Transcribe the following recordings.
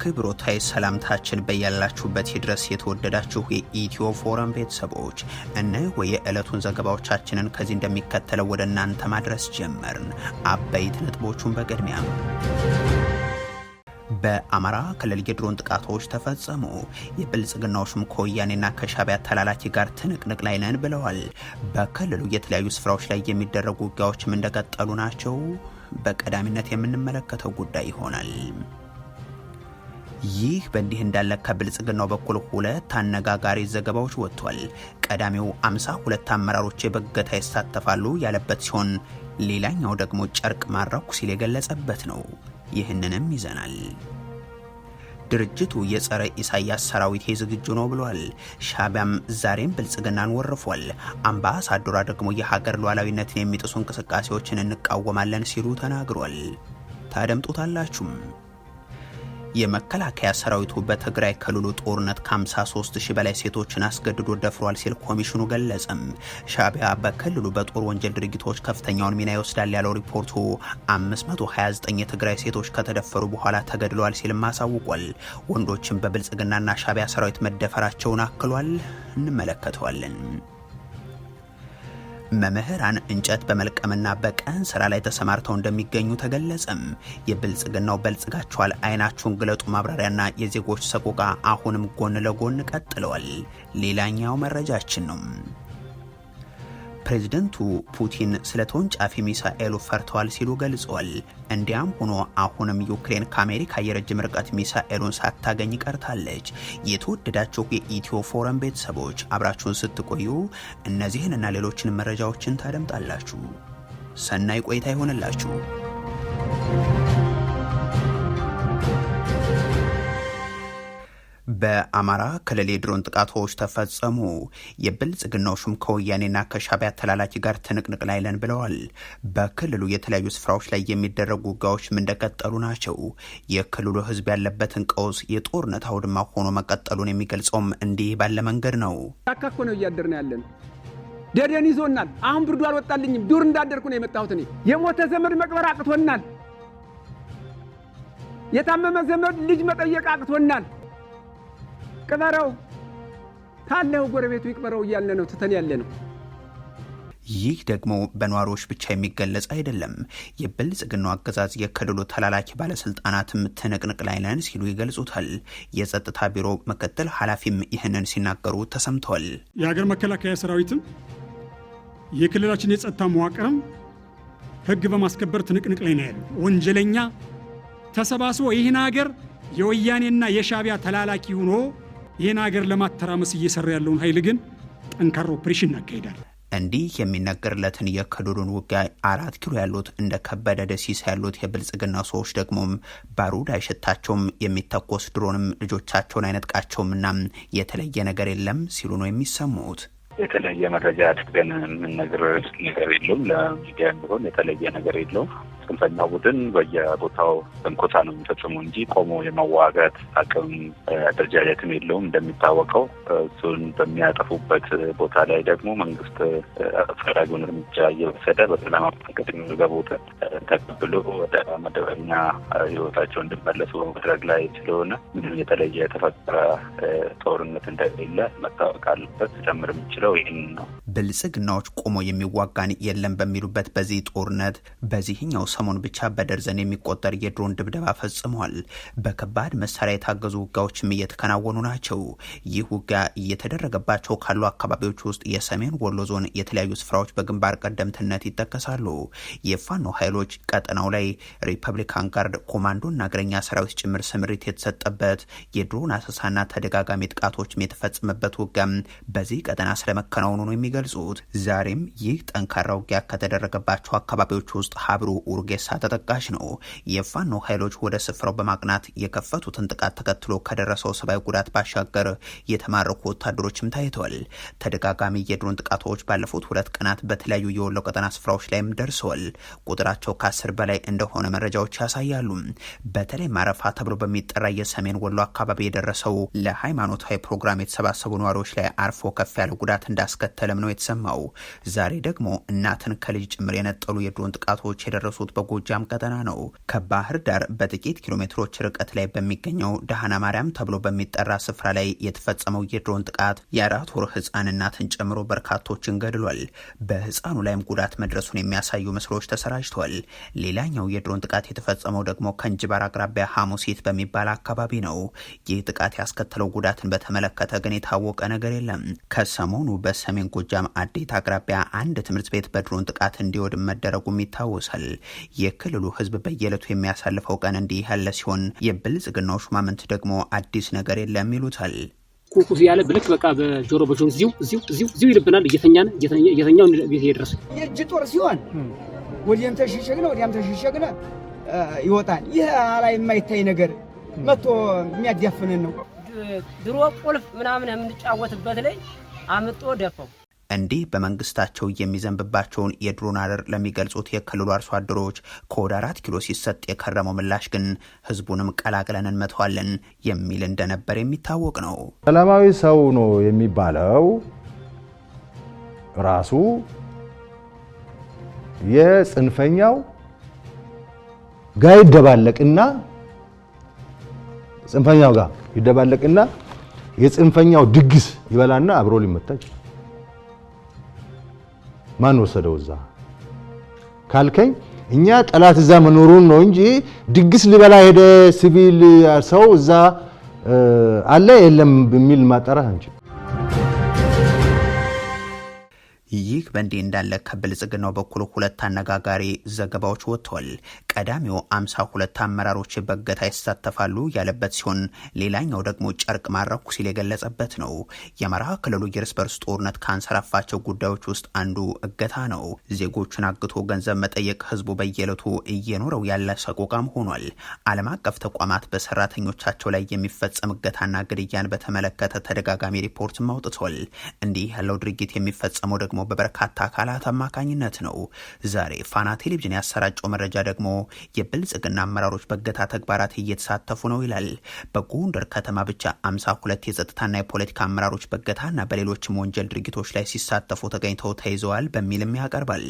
አክብሮታዊ ሰላምታችን በያላችሁበት ድረስ የተወደዳችሁ የኢትዮ ፎረም ቤተሰቦች እነሆ የዕለቱን ዘገባዎቻችንን ከዚህ እንደሚከተለው ወደ እናንተ ማድረስ ጀመርን። አበይት ነጥቦቹን በቅድሚያ በአማራ ክልል የድሮን ጥቃቶች ተፈጸሙ። የብልጽግናዎቹም ከወያኔና ከሻቢያ ተላላኪ ጋር ትንቅንቅ ላይ ነን ብለዋል። በክልሉ የተለያዩ ስፍራዎች ላይ የሚደረጉ ውጊያዎችም እንደቀጠሉ ናቸው። በቀዳሚነት የምንመለከተው ጉዳይ ይሆናል። ይህ በእንዲህ እንዳለ ከብልጽግናው በኩል ሁለት አነጋጋሪ ዘገባዎች ወጥቷል። ቀዳሚው አምሳ ሁለት አመራሮች በእገታ ይሳተፋሉ ያለበት ሲሆን ሌላኛው ደግሞ ጨርቅ ማድረኩ ሲል የገለጸበት ነው። ይህንንም ይዘናል። ድርጅቱ የጸረ ኢሳያስ ሰራዊት ዝግጁ ነው ብሏል። ሻቢያም ዛሬም ብልጽግናን ወርፏል። አምባሳደሯ ደግሞ የሀገር ሉዓላዊነትን የሚጥሱ እንቅስቃሴዎችን እንቃወማለን ሲሉ ተናግሯል። ታደምጡታላችሁም። የመከላከያ ሰራዊቱ በትግራይ ክልሉ ጦርነት ከ53 ሺህ በላይ ሴቶችን አስገድዶ ደፍሯል ሲል ኮሚሽኑ ገለጸም። ሻቢያ በክልሉ በጦር ወንጀል ድርጊቶች ከፍተኛውን ሚና ይወስዳል ያለው ሪፖርቱ 529 የትግራይ ሴቶች ከተደፈሩ በኋላ ተገድለዋል ሲልም አሳውቋል። ወንዶችም በብልጽግናና ሻቢያ ሰራዊት መደፈራቸውን አክሏል። እንመለከተዋለን። መምህራን እንጨት በመልቀምና በቀን ስራ ላይ ተሰማርተው እንደሚገኙ ተገለጸም። የብልጽግናው በልጽጋቸዋል አይናችሁን ግለጡ ማብራሪያና የዜጎች ሰቆቃ አሁንም ጎን ለጎን ቀጥለዋል። ሌላኛው መረጃችን ነው። ፕሬዝደንቱ ፑቲን ስለ ተወንጫፊ ሚሳኤሉ ፈርተዋል ሲሉ ገልጿል። እንዲያም ሆኖ አሁንም ዩክሬን ከአሜሪካ የረጅም ርቀት ሚሳኤሉን ሳታገኝ ቀርታለች። የተወደዳቸው የኢትዮ ፎረም ቤተሰቦች አብራችሁን ስትቆዩ እነዚህንና ሌሎችን መረጃዎችን ታደምጣላችሁ። ሰናይ ቆይታ ይሆንላችሁ። በአማራ ክልል የድሮን ጥቃቶች ተፈጸሙ። የብልጽግናው ሹም ከወያኔና ከሻቢያ ተላላኪ ጋር ትንቅንቅ ላይ ብለዋል። በክልሉ የተለያዩ ስፍራዎች ላይ የሚደረጉ ውጊያዎችም እንደቀጠሉ ናቸው። የክልሉ ሕዝብ ያለበትን ቀውስ የጦርነት አውድማ ሆኖ መቀጠሉን የሚገልጸውም እንዲህ ባለ መንገድ ነው። ጫካ ነው ያለን። ደደን ይዞናል። አሁን ብርዱ አልወጣልኝም። ዱር እንዳደርኩ ነው የመጣሁት እኔ። የሞተ ዘመድ መቅበር አቅቶናል። የታመመ ዘመድ ልጅ መጠየቅ አቅቶናል። ቅበረው ታለው ጎረቤቱ ይቅበረው እያለ ነው ትተን ያለ ነው። ይህ ደግሞ በነዋሪዎች ብቻ የሚገለጽ አይደለም። የብልጽግናው አገዛዝ የክልሉ ተላላኪ ባለስልጣናትም ትንቅንቅ ላይ ነን ሲሉ ይገልጹታል። የጸጥታ ቢሮ ምክትል ኃላፊም ይህንን ሲናገሩ ተሰምተዋል። የሀገር መከላከያ ሰራዊትም የክልላችን የጸጥታ መዋቅርም ህግ በማስከበር ትንቅንቅ ላይ ነው ያለ ወንጀለኛ ተሰባስቦ ይህን ሀገር የወያኔና የሻቢያ ተላላኪ ሆኖ ይህን ሀገር ለማተራመስ እየሰራ ያለውን ኃይል ግን ጠንካራ ኦፕሬሽን እናካሄዳለን። እንዲህ የሚነገርለትን የከዱሩን ውጊያ አራት ኪሎ ያሉት እንደ ከበደ ደሲስ ያሉት የብልጽግና ሰዎች ደግሞ ባሩድ አይሸታቸውም፣ የሚተኮስ ድሮንም ልጆቻቸውን አይነጥቃቸውምና የተለየ ነገር የለም ሲሉ ነው የሚሰሙት። የተለየ መረጃ አድርገን የምንነግር ነገር የለውም። ለሚዲያ ቢሆን የተለየ ነገር የለውም። ጽንፈኛው ቡድን በየቦታው ትንኮሳ ነው የሚፈጽሙ እንጂ ቆሞ የመዋጋት አቅም አደረጃጀትም የለውም። እንደሚታወቀው እሱን በሚያጠፉበት ቦታ ላይ ደግሞ መንግስት አስፈላጊውን እርምጃ እየወሰደ በሰላማዊ መንገድ የሚገቡትን ተቀብሎ ወደ መደበኛ ህይወታቸው እንድመለሱ በማድረግ ላይ ስለሆነ ምንም የተለየ የተፈጠረ ጦርነት እንደሌለ መታወቅ አለበት። ጨምር የምችለው የምለው ይህን ነው። ብልጽግናዎች ቆሞ የሚዋጋን የለም በሚሉበት በዚህ ጦርነት በዚህኛው ሰሞን ብቻ በደርዘን የሚቆጠር የድሮን ድብደባ ፈጽሟል። በከባድ መሳሪያ የታገዙ ውጊያዎችም እየተከናወኑ ናቸው። ይህ ውጊያ እየተደረገባቸው ካሉ አካባቢዎች ውስጥ የሰሜን ወሎ ዞን የተለያዩ ስፍራዎች በግንባር ቀደምትነት ይጠቀሳሉ። የፋኖ ኃይሎች ቀጠናው ላይ ሪፐብሊካን ጋርድ ኮማንዶና እግረኛ ሰራዊት ጭምር ስምሪት የተሰጠበት የድሮን አሰሳና ተደጋጋሚ ጥቃቶችም የተፈጸመበት ውጊያም በዚህ ቀጠና ስለመከናወኑ ነው የሚገልጹት። ዛሬም ይህ ጠንካራ ውጊያ ከተደረገባቸው አካባቢዎች ውስጥ ሀብሩ ኡርጌሳ ተጠቃሽ ነው። የፋኖ ኃይሎች ወደ ስፍራው በማቅናት የከፈቱትን ጥቃት ተከትሎ ከደረሰው ሰብአዊ ጉዳት ባሻገር የተማረኩ ወታደሮችም ታይተዋል። ተደጋጋሚ የድሮን ጥቃቶች ባለፉት ሁለት ቀናት በተለያዩ የወሎ ቀጠና ስፍራዎች ላይም ደርሰዋል። ቁጥራቸው ከአስር በላይ እንደሆነ መረጃዎች ያሳያሉ። በተለይ ማረፋ ተብሎ በሚጠራ የሰሜን ወሎ አካባቢ የደረሰው ለሃይማኖታዊ ፕሮግራም የተሰባሰቡ ነዋሪዎች ላይ አርፎ ከፍ ያለ ጉዳት ጉዳት እንዳስከተለም ነው የተሰማው። ዛሬ ደግሞ እናትን ከልጅ ጭምር የነጠሉ የድሮን ጥቃቶች የደረሱት በጎጃም ቀጠና ነው። ከባህር ዳር በጥቂት ኪሎ ሜትሮች ርቀት ላይ በሚገኘው ደሃና ማርያም ተብሎ በሚጠራ ስፍራ ላይ የተፈጸመው የድሮን ጥቃት የአራት ወር ህፃን እናትን ጨምሮ በርካቶችን ገድሏል። በህፃኑ ላይም ጉዳት መድረሱን የሚያሳዩ ምስሎች ተሰራጅተዋል። ሌላኛው የድሮን ጥቃት የተፈጸመው ደግሞ ከእንጅባር አቅራቢያ ሐሙሴት በሚባል አካባቢ ነው። ይህ ጥቃት ያስከተለው ጉዳትን በተመለከተ ግን የታወቀ ነገር የለም። ከሰሞኑ ሰሞኑ በሰሜን ጎጃም አዴት አቅራቢያ አንድ ትምህርት ቤት በድሮን ጥቃት እንዲወድም መደረጉም ይታወሳል። የክልሉ ህዝብ በየዕለቱ የሚያሳልፈው ቀን እንዲህ ያለ ሲሆን የብልጽግናው ሹማምንት ደግሞ አዲስ ነገር የለም ይሉታል። ኩኩ ያለ ብልክ በቃ በጆሮ በጆሮ እዚሁ እዚሁ እዚሁ እዚሁ ይልብናል። እየተኛን እየተኛውን ቤት እየደረሰ የእጅ ጦር ሲሆን ወዲያም ተሸሸግነ ወዲያም ተሸሸግነ ይወጣል። ይህ አላ የማይታይ ነገር መጥቶ የሚያዳፍንን ነው። ድሮ ቁልፍ ምናምን የምንጫወትበት ላይ አምጦ ደፈው። እንዲህ በመንግስታቸው የሚዘንብባቸውን የድሮን አረር ለሚገልጹት የክልሉ አርሶ አደሮች ከወደ አራት ኪሎ ሲሰጥ የከረመው ምላሽ ግን ህዝቡንም ቀላቅለን እንመተዋለን የሚል እንደነበር የሚታወቅ ነው። ሰላማዊ ሰው ነው የሚባለው ራሱ የጽንፈኛው ጋር ይደባለቅና ጽንፈኛው ጋር ይደባለቅና የጽንፈኛው ድግስ ይበላና አብሮ ሊመታ ይችላል። ማን ወሰደው እዛ ካልከኝ እኛ ጠላት እዛ መኖሩን ነው እንጂ ድግስ ሊበላ ሄደ ሲቪል ሰው እዛ አለ የለም በሚል ማጠራት አንችል። ይህ በእንዲህ እንዳለ ከብልጽግናው በኩል ሁለት አነጋጋሪ ዘገባዎች ወጥተዋል። ቀዳሚው አምሳ ሁለት አመራሮች በገታ ይሳተፋሉ ያለበት ሲሆን ሌላኛው ደግሞ ጨርቅ ማረኩ ሲል የገለጸበት ነው። የአማራ ክልሉ የርስ በርስ ጦርነት ካንሰራፋቸው ጉዳዮች ውስጥ አንዱ እገታ ነው። ዜጎቹን አግቶ ገንዘብ መጠየቅ ህዝቡ በየዕለቱ እየኖረው ያለ ሰቆቃም ሆኗል። ዓለም አቀፍ ተቋማት በሰራተኞቻቸው ላይ የሚፈጸም እገታና ግድያን በተመለከተ ተደጋጋሚ ሪፖርት አውጥቷል። እንዲህ ያለው ድርጊት የሚፈጸመው ደግሞ በበርካታ አካላት አማካኝነት ነው። ዛሬ ፋና ቴሌቪዥን ያሰራጨው መረጃ ደግሞ የብልጽግና አመራሮች በእገታ ተግባራት እየተሳተፉ ነው ይላል። በጎንደር ከተማ ብቻ አምሳ ሁለት የጸጥታና የፖለቲካ አመራሮች በእገታና በሌሎችም ወንጀል ድርጊቶች ላይ ሲሳተፉ ተገኝተው ተይዘዋል በሚልም ያቀርባል።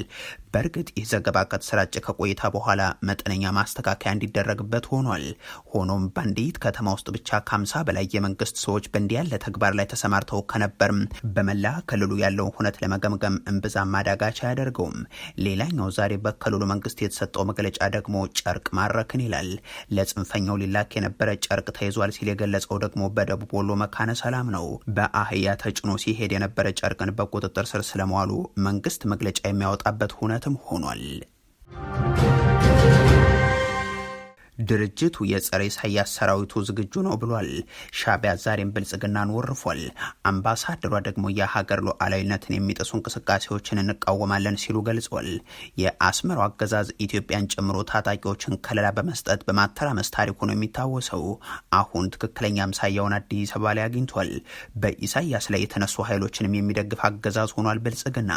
በእርግጥ ይህ ዘገባ ከተሰራጨ ከቆይታ በኋላ መጠነኛ ማስተካከያ እንዲደረግበት ሆኗል። ሆኖም በአንዲት ከተማ ውስጥ ብቻ ከአምሳ በላይ የመንግስት ሰዎች በእንዲህ ያለ ተግባር ላይ ተሰማርተው ከነበርም በመላ ክልሉ ያለውን ሁነት ለመገምገም እምብዛም አዳጋች አያደርገውም። ሌላኛው ዛሬ በክልሉ መንግስት የተሰጠው መግለጫ ደግሞ ጨርቅ ማረክን ይላል። ለጽንፈኛው ሊላክ የነበረ ጨርቅ ተይዟል ሲል የገለጸው ደግሞ በደቡብ ወሎ መካነ ሰላም ነው። በአህያ ተጭኖ ሲሄድ የነበረ ጨርቅን በቁጥጥር ስር ስለመዋሉ መንግስት መግለጫ የሚያወጣበት ሁነትም ሆኗል። ድርጅቱ የጸረ ኢሳያስ ሰራዊቱ ዝግጁ ነው ብሏል። ሻቢያ ዛሬም ብልጽግናን ወርፏል። አምባሳደሯ ደግሞ የሀገር ሉዓላዊነትን የሚጥሱ እንቅስቃሴዎችን እንቃወማለን ሲሉ ገልጿል። የአስመራው አገዛዝ ኢትዮጵያን ጨምሮ ታጣቂዎችን ከለላ በመስጠት በማተራመስ ታሪኩ ነው የሚታወሰው። አሁን ትክክለኛ አምሳያውን አዲስ አበባ ላይ አግኝቷል። በኢሳያስ ላይ የተነሱ ኃይሎችንም የሚደግፍ አገዛዝ ሆኗል ብልጽግና።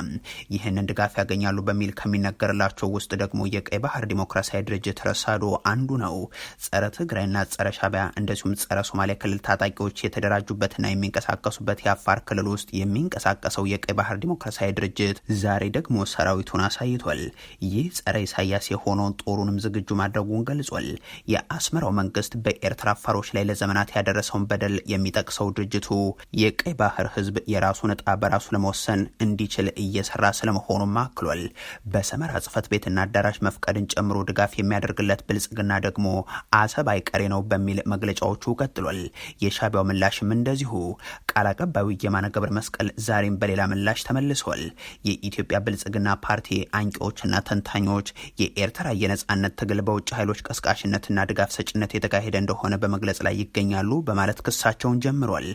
ይህንን ድጋፍ ያገኛሉ በሚል ከሚነገርላቸው ውስጥ ደግሞ የቀይ ባህር ዲሞክራሲያዊ ድርጅት ረሳዶ አንዱ ነው። ነው። ጸረ ትግራይና ጸረ ሻቢያ እንደዚሁም ጸረ ሶማሊያ ክልል ታጣቂዎች የተደራጁበትና የሚንቀሳቀሱበት የአፋር ክልል ውስጥ የሚንቀሳቀሰው የቀይ ባህር ዲሞክራሲያዊ ድርጅት ዛሬ ደግሞ ሰራዊቱን አሳይቷል። ይህ ጸረ ኢሳያስ የሆነውን ጦሩንም ዝግጁ ማድረጉን ገልጿል። የአስመራው መንግስት በኤርትራ አፋሮች ላይ ለዘመናት ያደረሰውን በደል የሚጠቅሰው ድርጅቱ የቀይ ባህር ህዝብ የራሱን እጣ በራሱ ለመወሰን እንዲችል እየሰራ ስለመሆኑም አክሏል። በሰመራ ጽህፈት ቤትና አዳራሽ መፍቀድን ጨምሮ ድጋፍ የሚያደርግለት ብልጽግና ደግሞ ደግሞ አሰብ አይቀሬ ነው በሚል መግለጫዎቹ ቀጥሏል። የሻቢያው ምላሽም እንደዚሁ። ቃል አቀባዩ የማነ ገብረ መስቀል ዛሬም በሌላ ምላሽ ተመልሷል። የኢትዮጵያ ብልጽግና ፓርቲ አንቂዎችና ተንታኞች የኤርትራ የነጻነት ትግል በውጭ ኃይሎች ቀስቃሽነትና ድጋፍ ሰጭነት የተካሄደ እንደሆነ በመግለጽ ላይ ይገኛሉ በማለት ክሳቸውን ጀምሯል።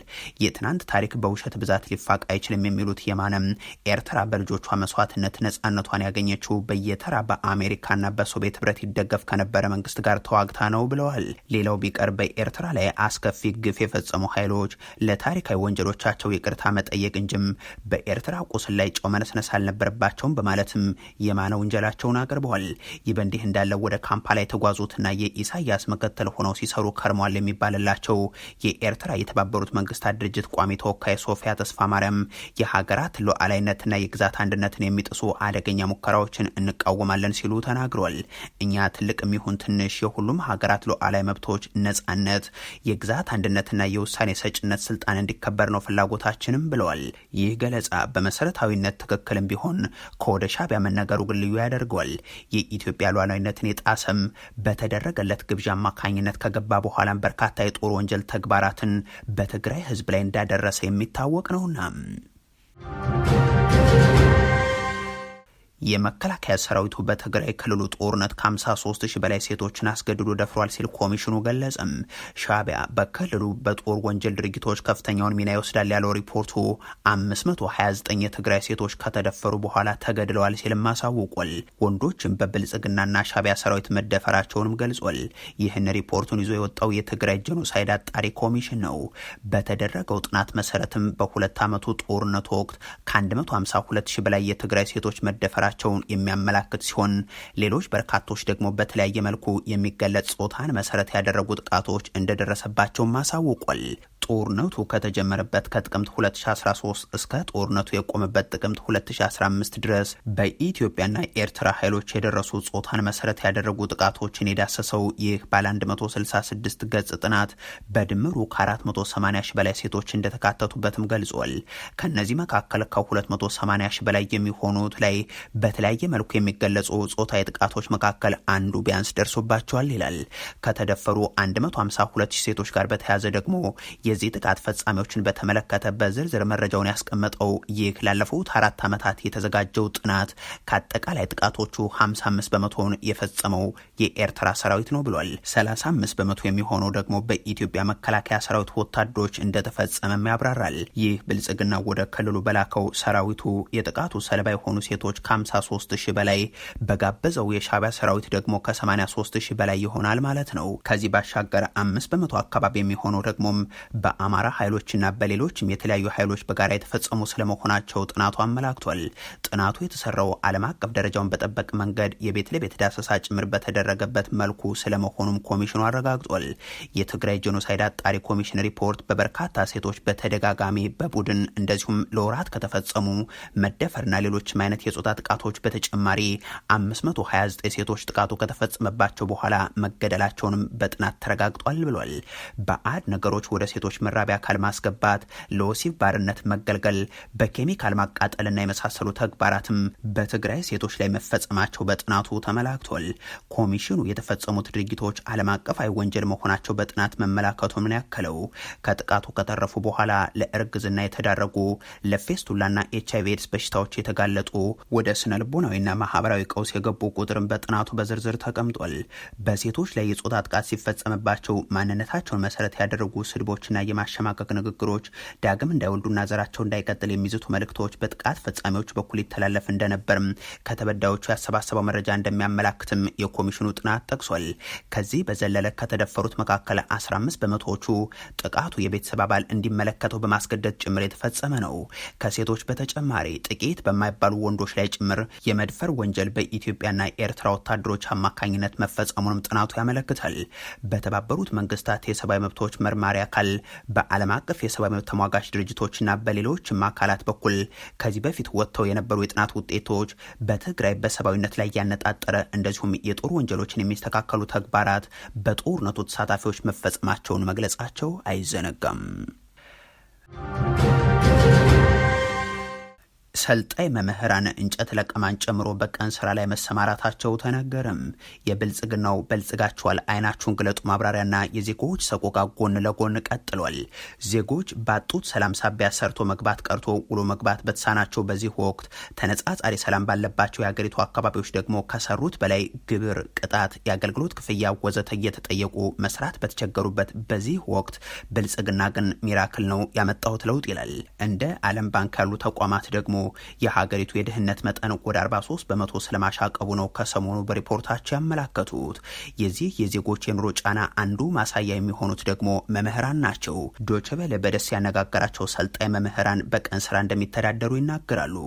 የትናንት ታሪክ በውሸት ብዛት ሊፋቅ አይችልም የሚሉት የማነም ኤርትራ በልጆቿ መስዋዕትነት ነጻነቷን ያገኘችው በየተራ በአሜሪካና በሶቪየት ህብረት ይደገፍ ከነበረ መንግስት ጋር ተዋግታ ነው ብለዋል። ሌላው ቢቀር በኤርትራ ላይ አስከፊ ግፍ የፈጸሙ ኃይሎች ለታሪካዊ ወንጀሎቻቸው ይቅርታ መጠየቅ እንጂም በኤርትራ ቁስል ላይ ጨው መነስነስ አልነበረባቸውም በማለትም የማነ ውንጀላቸውን አቅርበዋል። ይህ በእንዲህ እንዳለ ወደ ካምፓላ የተጓዙትና የኢሳያስ መከተል ሆነው ሲሰሩ ከርሟል የሚባልላቸው የኤርትራ የተባበሩት መንግስታት ድርጅት ቋሚ ተወካይ ሶፊያ ተስፋ ማርያም የሀገራት ሉዓላዊነትና የግዛት አንድነትን የሚጥሱ አደገኛ ሙከራዎችን እንቃወማለን ሲሉ ተናግሯል። እኛ ትልቅ የሚሆን ትንሽ ሁሉም ሀገራት ሉዓላዊ መብቶች፣ ነጻነት፣ የግዛት አንድነትና የውሳኔ ሰጭነት ስልጣን እንዲከበር ነው ፍላጎታችንም ብለዋል። ይህ ገለጻ በመሰረታዊነት ትክክልም ቢሆን ከወደ ሻቢያ መነገሩ ግን ልዩ ያደርገዋል። የኢትዮጵያ ሉዓላዊነትን የጣሰም በተደረገለት ግብዣ አማካኝነት ከገባ በኋላም በርካታ የጦር ወንጀል ተግባራትን በትግራይ ህዝብ ላይ እንዳደረሰ የሚታወቅ ነውና የመከላከያ ሰራዊቱ በትግራይ ክልሉ ጦርነት ከ53 ሺህ በላይ ሴቶችን አስገድዶ ደፍሯል ሲል ኮሚሽኑ ገለጸም። ሻቢያ በክልሉ በጦር ወንጀል ድርጊቶች ከፍተኛውን ሚና ይወስዳል ያለው ሪፖርቱ 529 የትግራይ ሴቶች ከተደፈሩ በኋላ ተገድለዋል ሲልም አሳውቋል። ወንዶችም በብልጽግናና ሻቢያ ሰራዊት መደፈራቸውንም ገልጿል። ይህን ሪፖርቱን ይዞ የወጣው የትግራይ ጀኖሳይድ አጣሪ ኮሚሽን ነው። በተደረገው ጥናት መሰረትም በሁለት ዓመቱ ጦርነቱ ወቅት ከ152 ሺህ በላይ የትግራይ ሴቶች መደፈራ መሆናቸውን የሚያመላክት ሲሆን ሌሎች በርካቶች ደግሞ በተለያየ መልኩ የሚገለጽ ጾታን መሰረት ያደረጉ ጥቃቶች እንደደረሰባቸውም አሳውቋል። ጦርነቱ ከተጀመረበት ከጥቅምት 2013 እስከ ጦርነቱ የቆመበት ጥቅምት 2015 ድረስ በኢትዮጵያና ኤርትራ ኃይሎች የደረሱ ጾታን መሰረት ያደረጉ ጥቃቶችን የዳሰሰው ይህ ባለ 166 ገጽ ጥናት በድምሩ ከ480 ሺ በላይ ሴቶች እንደተካተቱበትም ገልጿል። ከእነዚህ መካከል ከ280 ሺ በላይ የሚሆኑት ላይ በተለያየ መልኩ የሚገለጹ ጾታዊ ጥቃቶች መካከል አንዱ ቢያንስ ደርሶባቸዋል ይላል። ከተደፈሩ 152 ሺ ሴቶች ጋር በተያያዘ ደግሞ የዚህ ጥቃት ፈጻሚዎችን በተመለከተ በዝርዝር መረጃውን ያስቀመጠው ይህ ላለፉት አራት ዓመታት የተዘጋጀው ጥናት ከአጠቃላይ ጥቃቶቹ 55 በመቶውን የፈጸመው የኤርትራ ሰራዊት ነው ብሏል። 35 በመቶ የሚሆነው ደግሞ በኢትዮጵያ መከላከያ ሰራዊት ወታደሮች እንደተፈጸመም ያብራራል። ይህ ብልጽግና ወደ ክልሉ በላከው ሰራዊቱ የጥቃቱ ሰለባ የሆኑ ሴቶች ከ53 ሺህ በላይ በጋበዘው የሻቢያ ሰራዊት ደግሞ ከ83 ሺህ በላይ ይሆናል ማለት ነው። ከዚህ ባሻገር አምስት በመቶ አካባቢ የሚሆነው ደግሞም በ በአማራ ኃይሎችና በሌሎችም የተለያዩ ኃይሎች በጋራ የተፈጸሙ ስለመሆናቸው ጥናቱ አመላክቷል። ጥናቱ የተሰራው ዓለም አቀፍ ደረጃውን በጠበቅ መንገድ የቤት ለቤት ዳሰሳ ጭምር በተደረገበት መልኩ ስለመሆኑም ኮሚሽኑ አረጋግጧል። የትግራይ ጄኖሳይድ አጣሪ ኮሚሽን ሪፖርት በበርካታ ሴቶች በተደጋጋሚ በቡድን እንደዚሁም ለወራት ከተፈጸሙ መደፈርና ሌሎችም አይነት የጾታ ጥቃቶች በተጨማሪ 529 ሴቶች ጥቃቱ ከተፈጸመባቸው በኋላ መገደላቸውንም በጥናት ተረጋግጧል ብሏል። በአድ ነገሮች ወደ ሴቶች መራቢያ አካል ማስገባት፣ ለወሲብ ባርነት መገልገል፣ በኬሚካል ማቃጠልና የመሳሰሉ ተግባራትም በትግራይ ሴቶች ላይ መፈጸማቸው በጥናቱ ተመላክቷል። ኮሚሽኑ የተፈጸሙት ድርጊቶች ዓለም አቀፋዊ ወንጀል መሆናቸው በጥናት መመላከቱም ነው ያከለው። ከጥቃቱ ከተረፉ በኋላ ለእርግዝና የተዳረጉ ለፌስቱላና ኤች አይቪ ኤድስ በሽታዎች የተጋለጡ ወደ ስነልቦናዊና ማህበራዊ ቀውስ የገቡ ቁጥርም በጥናቱ በዝርዝር ተቀምጧል። በሴቶች ላይ የጾታ ጥቃት ሲፈጸምባቸው ማንነታቸውን መሰረት ያደረጉ ስድቦችና የማሸማቀቅ ንግግሮች ዳግም እንዳይወልዱና ዘራቸው እንዳይቀጥል የሚይዙት መልእክቶች በጥቃት ፈጻሚዎች በኩል ይተላለፍ እንደነበርም ከተበዳዮቹ ያሰባሰበው መረጃ እንደሚያመላክትም የኮሚሽኑ ጥናት ጠቅሷል። ከዚህ በዘለለ ከተደፈሩት መካከል 15 በመቶዎቹ ጥቃቱ የቤተሰብ አባል እንዲመለከተው በማስገደድ ጭምር የተፈጸመ ነው። ከሴቶች በተጨማሪ ጥቂት በማይባሉ ወንዶች ላይ ጭምር የመድፈር ወንጀል በኢትዮጵያና ኤርትራ ወታደሮች አማካኝነት መፈጸሙንም ጥናቱ ያመለክታል። በተባበሩት መንግስታት የሰብአዊ መብቶች መርማሪ አካል በዓለም አቀፍ የሰብአዊ መብት ተሟጋች ድርጅቶችና በሌሎችም አካላት በኩል ከዚህ በፊት ወጥተው የነበሩ የጥናት ውጤቶች በትግራይ በሰብአዊነት ላይ ያነጣጠረ እንደዚሁም የጦር ወንጀሎችን የሚስተካከሉ ተግባራት በጦርነቱ ተሳታፊዎች መፈጸማቸውን መግለጻቸው አይዘነጋም። ሰልጣኝ መምህራን እንጨት ለቀማን ጨምሮ በቀን ስራ ላይ መሰማራታቸው ተነገርም የብልጽግናው በልጽጋቸዋል አይናችሁን ግለጡ ማብራሪያና የዜጎች ሰቆቃ ጎን ለጎን ቀጥሏል። ዜጎች ባጡት ሰላም ሳቢያ ሰርቶ መግባት ቀርቶ ውሎ መግባት በተሳናቸው በዚህ ወቅት ተነጻጻሪ ሰላም ባለባቸው የሀገሪቱ አካባቢዎች ደግሞ ከሰሩት በላይ ግብር፣ ቅጣት፣ የአገልግሎት ክፍያ ወዘተ እየተጠየቁ መስራት በተቸገሩበት በዚህ ወቅት ብልጽግና ግን ሚራክል ነው ያመጣሁት ለውጥ ይላል። እንደ ዓለም ባንክ ያሉ ተቋማት ደግሞ የሀገሪቱ የድህነት መጠን ወደ 43 በመቶ ስለማሻቀቡ ነው ከሰሞኑ በሪፖርታቸው ያመላከቱት። የዚህ የዜጎች የኑሮ ጫና አንዱ ማሳያ የሚሆኑት ደግሞ መምህራን ናቸው። ዶችበለ በደሴ ያነጋገራቸው ሰልጣኝ መምህራን በቀን ስራ እንደሚተዳደሩ ይናገራሉ።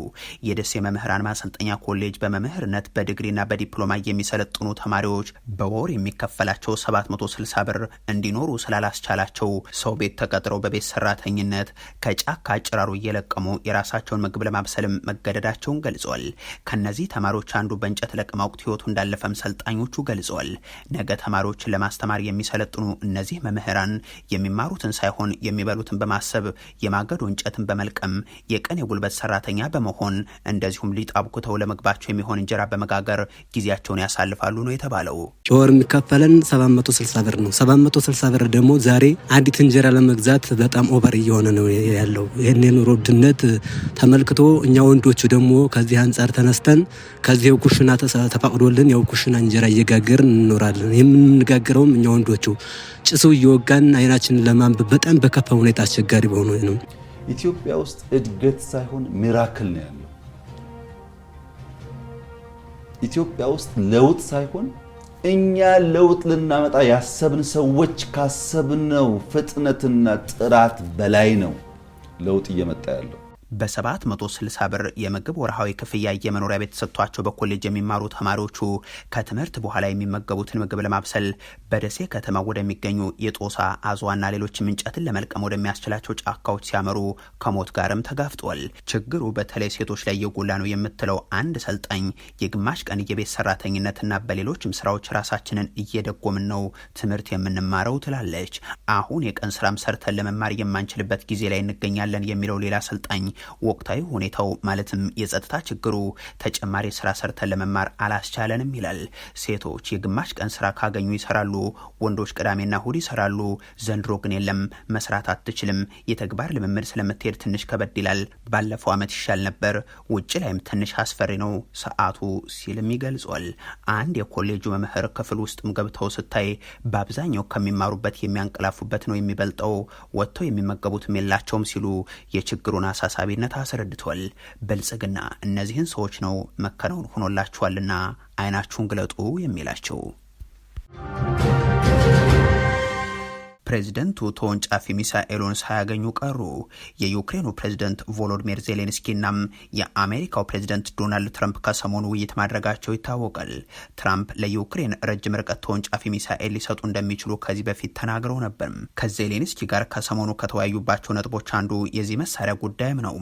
የደሴ መምህራን ማሰልጠኛ ኮሌጅ በመምህርነት በዲግሪና በዲፕሎማ የሚሰለጥኑ ተማሪዎች በወር የሚከፈላቸው 760 ብር እንዲኖሩ ስላላስቻላቸው ሰው ቤት ተቀጥረው በቤት ሰራተኝነት ከጫካ ጭራሩ እየለቀሙ የራሳቸውን ምግብ ለማ ለማብሰልም መገደዳቸውን ገልጿል። ከነዚህ ተማሪዎች አንዱ በእንጨት ወቅት ህይወቱ እንዳለፈም ሰልጣኞቹ ገልጿል። ነገ ተማሪዎችን ለማስተማር የሚሰለጥኑ እነዚህ መምህራን የሚማሩትን ሳይሆን የሚበሉትን በማሰብ የማገዶ እንጨትን በመልቀም የቀን የጉልበት ሰራተኛ በመሆን እንደዚሁም ሊጣብኩተው ለመግባቸው ለምግባቸው የሚሆን እንጀራ በመጋገር ጊዜያቸውን ያሳልፋሉ ነው የተባለው። ወር የሚከፈለን 760 ብር ነው። 760 ብር ደግሞ ዛሬ አንዲት እንጀራ ለመግዛት በጣም ኦቨር እየሆነ ነው ያለው። ይህን የኑሮ ውድነት ተመልክቶ እኛ ወንዶቹ ደግሞ ከዚህ አንጻር ተነስተን ከዚህ ኩሽና ተፈቅዶልን የው ኩሽና እንጀራ እየጋገርን እንኖራለን። የምንጋግረውም እኛ ወንዶቹ ጭሱ እየወጋን አይናችንን ለማንበብ በጣም በከፋ ሁኔታ አስቸጋሪ በሆኑ ነው። ኢትዮጵያ ውስጥ እድገት ሳይሆን ሚራክል ነው ያለው። ኢትዮጵያ ውስጥ ለውጥ ሳይሆን እኛ ለውጥ ልናመጣ ያሰብን ሰዎች ካሰብነው ፍጥነትና ጥራት በላይ ነው ለውጥ እየመጣ ያለው። በ760 ብር የምግብ ወርሃዊ ክፍያ የመኖሪያ ቤት ተሰጥቷቸው በኮሌጅ የሚማሩ ተማሪዎቹ ከትምህርት በኋላ የሚመገቡትን ምግብ ለማብሰል በደሴ ከተማ ወደሚገኙ የጦሳ አዝዋና ሌሎችም እንጨትን ለመልቀም ወደሚያስችላቸው ጫካዎች ሲያመሩ ከሞት ጋርም ተጋፍጧል። ችግሩ በተለይ ሴቶች ላይ የጎላ ነው የምትለው አንድ ሰልጣኝ የግማሽ ቀን የቤት ሰራተኝነትና በሌሎችም ስራዎች ራሳችንን እየደጎምን ነው ትምህርት የምንማረው ትላለች። አሁን የቀን ስራም ሰርተን ለመማር የማንችልበት ጊዜ ላይ እንገኛለን የሚለው ሌላ ሰልጣኝ ወቅታዊ ሁኔታው ማለትም የጸጥታ ችግሩ ተጨማሪ ስራ ሰርተን ለመማር አላስቻለንም ይላል። ሴቶች የግማሽ ቀን ስራ ካገኙ ይሰራሉ፣ ወንዶች ቅዳሜና እሁድ ይሰራሉ። ዘንድሮ ግን የለም መስራት አትችልም፣ የተግባር ልምምድ ስለምትሄድ ትንሽ ከበድ ይላል። ባለፈው ዓመት ይሻል ነበር፣ ውጭ ላይም ትንሽ አስፈሪ ነው ሰዓቱ ሲልም ይገልጿል። አንድ የኮሌጁ መምህር ክፍል ውስጥም ገብተው ስታይ በአብዛኛው ከሚማሩበት የሚያንቀላፉበት ነው የሚበልጠው፣ ወጥተው የሚመገቡትም የላቸውም ሲሉ የችግሩን አሳሳቢ በዋቢነት አስረድቷል። ብልጽግና እነዚህን ሰዎች ነው መከናወን ሆኖላችኋልና አይናችሁን ግለጡ የሚላቸው ፕሬዚደንቱ ተወንጫፊ ሚሳኤሉን ሳያገኙ ቀሩ። የዩክሬኑ ፕሬዚደንት ቮሎዲሚር ዜሌንስኪናም የአሜሪካው ፕሬዚደንት ዶናልድ ትራምፕ ከሰሞኑ ውይይት ማድረጋቸው ይታወቃል። ትራምፕ ለዩክሬን ረጅም ርቀት ተወንጫፊ ሚሳኤል ሊሰጡ እንደሚችሉ ከዚህ በፊት ተናግረው ነበር። ከዜሌንስኪ ጋር ከሰሞኑ ከተወያዩባቸው ነጥቦች አንዱ የዚህ መሳሪያ ጉዳይም ነው።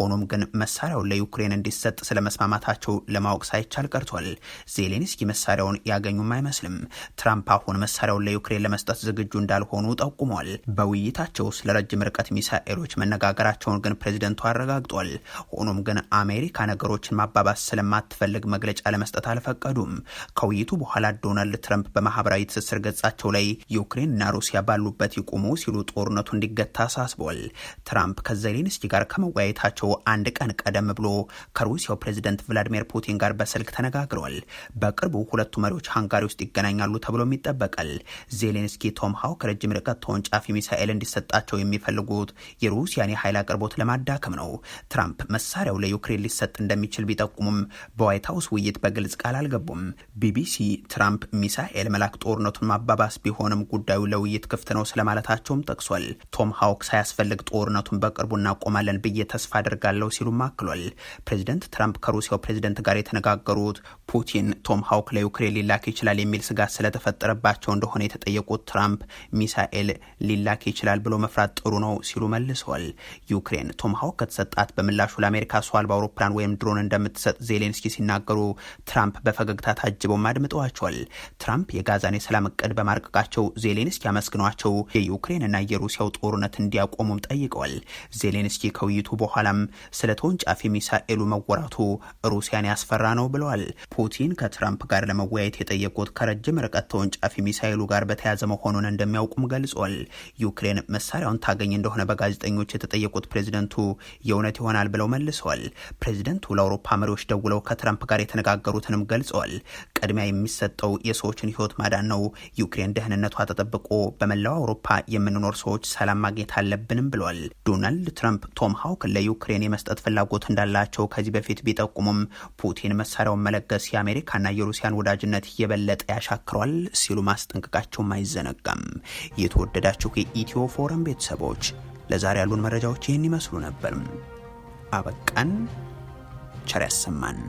ሆኖም ግን መሳሪያውን ለዩክሬን እንዲሰጥ ስለመስማማታቸው ለማወቅ ሳይቻል ቀርቷል። ዜሌንስኪ መሳሪያውን ያገኙም አይመስልም። ትራምፕ አሁን መሳሪያውን ለዩክሬን ለመስጠት ዝግጁ እንዳልሆኑ ጠቁሟል። በውይይታቸው ስለ ረጅም ርቀት ሚሳኤሎች መነጋገራቸውን ግን ፕሬዚደንቱ አረጋግጧል። ሆኖም ግን አሜሪካ ነገሮችን ማባባስ ስለማትፈልግ መግለጫ ለመስጠት አልፈቀዱም። ከውይይቱ በኋላ ዶናልድ ትራምፕ በማህበራዊ ትስስር ገጻቸው ላይ ዩክሬንና ሩሲያ ባሉበት ይቁሙ ሲሉ ጦርነቱ እንዲገታ አሳስቧል። ትራምፕ ከዜሌንስኪ ጋር ከመወያየታቸው አንድ ቀን ቀደም ብሎ ከሩሲያው ፕሬዚደንት ቭላዲሚር ፑቲን ጋር በስልክ ተነጋግረዋል። በቅርቡ ሁለቱ መሪዎች ሃንጋሪ ውስጥ ይገናኛሉ ተብሎም ይጠበቃል። ዜሌንስኪ ቶም ሃው ከረጅም በርካታ ተወንጫፊ ሚሳኤል እንዲሰጣቸው የሚፈልጉት የሩሲያን የኃይል አቅርቦት ለማዳከም ነው። ትራምፕ መሳሪያው ለዩክሬን ሊሰጥ እንደሚችል ቢጠቁሙም በዋይት ሀውስ ውይይት በግልጽ ቃል አልገቡም። ቢቢሲ ትራምፕ ሚሳኤል መላክ ጦርነቱን ማባባስ ቢሆንም ጉዳዩ ለውይይት ክፍት ነው ስለማለታቸውም ጠቅሷል። ቶም ሀውክ ሳያስፈልግ ጦርነቱን በቅርቡ እናቆማለን ብዬ ተስፋ አድርጋለሁ ሲሉም አክሏል። ፕሬዚደንት ትራምፕ ከሩሲያው ፕሬዚደንት ጋር የተነጋገሩት ፑቲን ቶም ሀውክ ለዩክሬን ሊላክ ይችላል የሚል ስጋት ስለተፈጠረባቸው እንደሆነ የተጠየቁት ትራምፕ ሚሳ እስራኤል ሊላክ ይችላል ብሎ መፍራት ጥሩ ነው ሲሉ መልሰዋል። ዩክሬን ቶማሃውክ ከተሰጣት በምላሹ ለአሜሪካ ሰው አልባ አውሮፕላን ወይም ድሮን እንደምትሰጥ ዜሌንስኪ ሲናገሩ ትራምፕ በፈገግታ ታጅበውም አድምጠዋቸዋል። ትራምፕ የጋዛን የሰላም እቅድ በማርቀቃቸው ዜሌንስኪ አመስግኗቸው የዩክሬንና የሩሲያው ጦርነት እንዲያቆሙም ጠይቀዋል። ዜሌንስኪ ከውይይቱ በኋላም ስለ ተወንጫፊ ሚሳኤሉ መወራቱ ሩሲያን ያስፈራ ነው ብለዋል። ፑቲን ከትራምፕ ጋር ለመወያየት የጠየቁት ከረጅም ርቀት ተወንጫፊ ሚሳኤሉ ጋር በተያያዘ መሆኑን እንደሚያውቁም ገልጿል። ዩክሬን መሳሪያውን ታገኝ እንደሆነ በጋዜጠኞች የተጠየቁት ፕሬዝደንቱ የእውነት ይሆናል ብለው መልሰዋል። ፕሬዝደንቱ ለአውሮፓ መሪዎች ደውለው ከትራምፕ ጋር የተነጋገሩትንም ገልጸዋል። ቅድሚያ የሚሰጠው የሰዎችን ህይወት ማዳን ነው። ዩክሬን ደህንነቷ ተጠብቆ በመላው አውሮፓ የምንኖር ሰዎች ሰላም ማግኘት አለብንም ብሏል። ዶናልድ ትራምፕ ቶም ሀውክ ለዩክሬን የመስጠት ፍላጎት እንዳላቸው ከዚህ በፊት ቢጠቁሙም ፑቲን መሳሪያውን መለገስ የአሜሪካና የሩሲያን ወዳጅነት የበለጠ ያሻክሯል ሲሉ ማስጠንቀቃቸውም አይዘነጋም። የተወደዳችሁ የኢትዮ ፎረም ቤተሰቦች ለዛሬ ያሉን መረጃዎች ይህን ይመስሉ ነበር። አበቃን። ቸር ያሰማን።